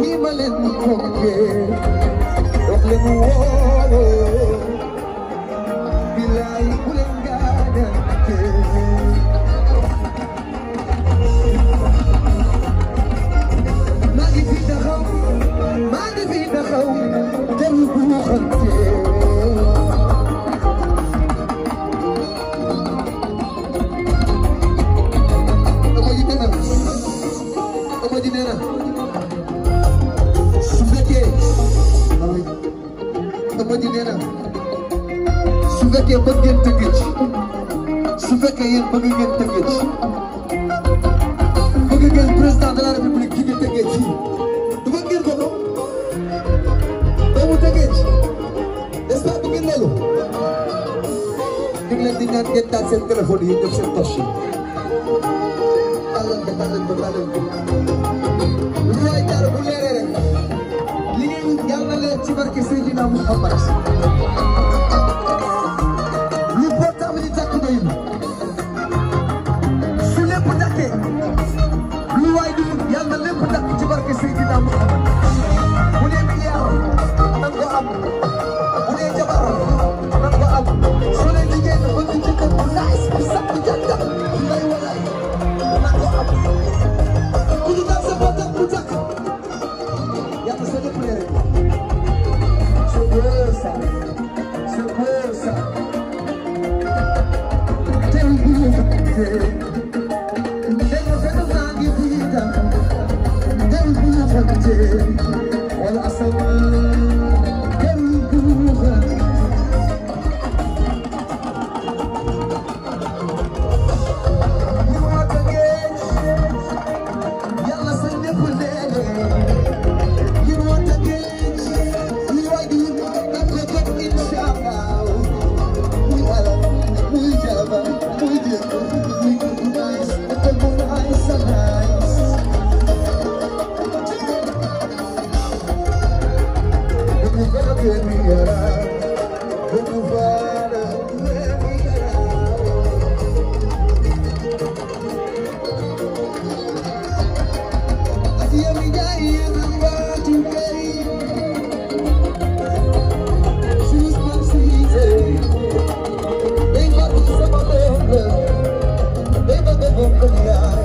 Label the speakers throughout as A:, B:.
A: ni ma leen fonkee wax leen wóoroo bilaay bu leen gaañantee Mody nee na su fekkee bëgg ngeen Tëngéej su fekkee yéen bëgg ngeen Tëngéej bëgg ngeen président de la république ji di Tëngéej ji du bëgg ngeen ko ko doomu Tëngéej n'est-ce pas bëgg ngeen loolu ñu ngi leen di ñaan ngeen taal seen téléphone yi def seen torche yi barke Seydina Muhammad yeah. Hallelujah.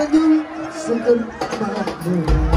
A: Tanjung Sukun Mahmud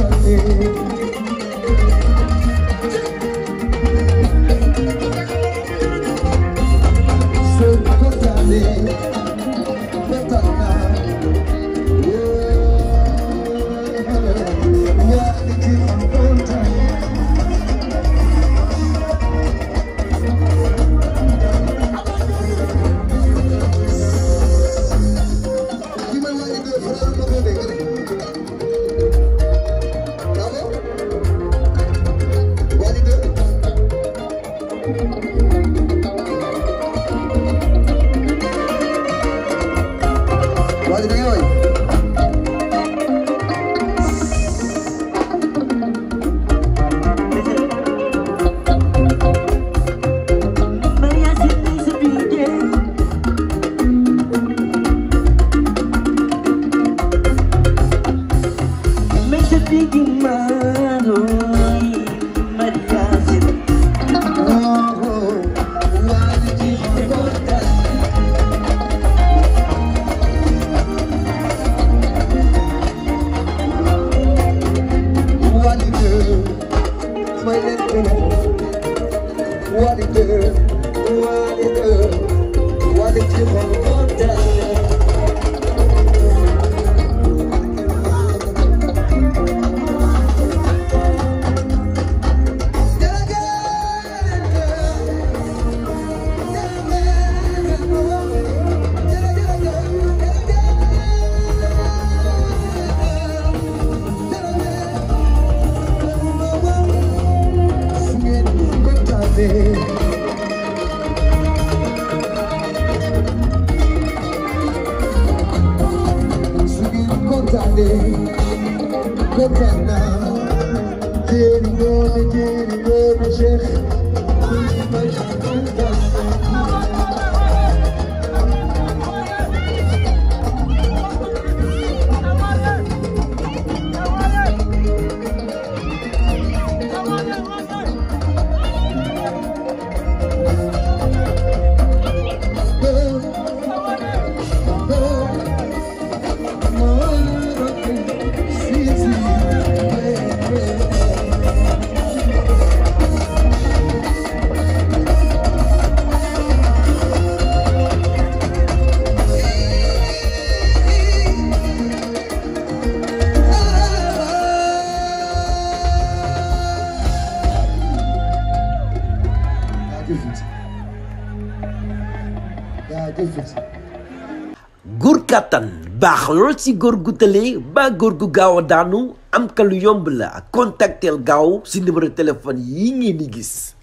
A: Sunday. Wadi Dengoy. kàttan baax lool si góor gu tëlee ba góor gu gaaw a daanu am ka lu yomb la contactel gaaw si numéro téléphone yi ngeen di gis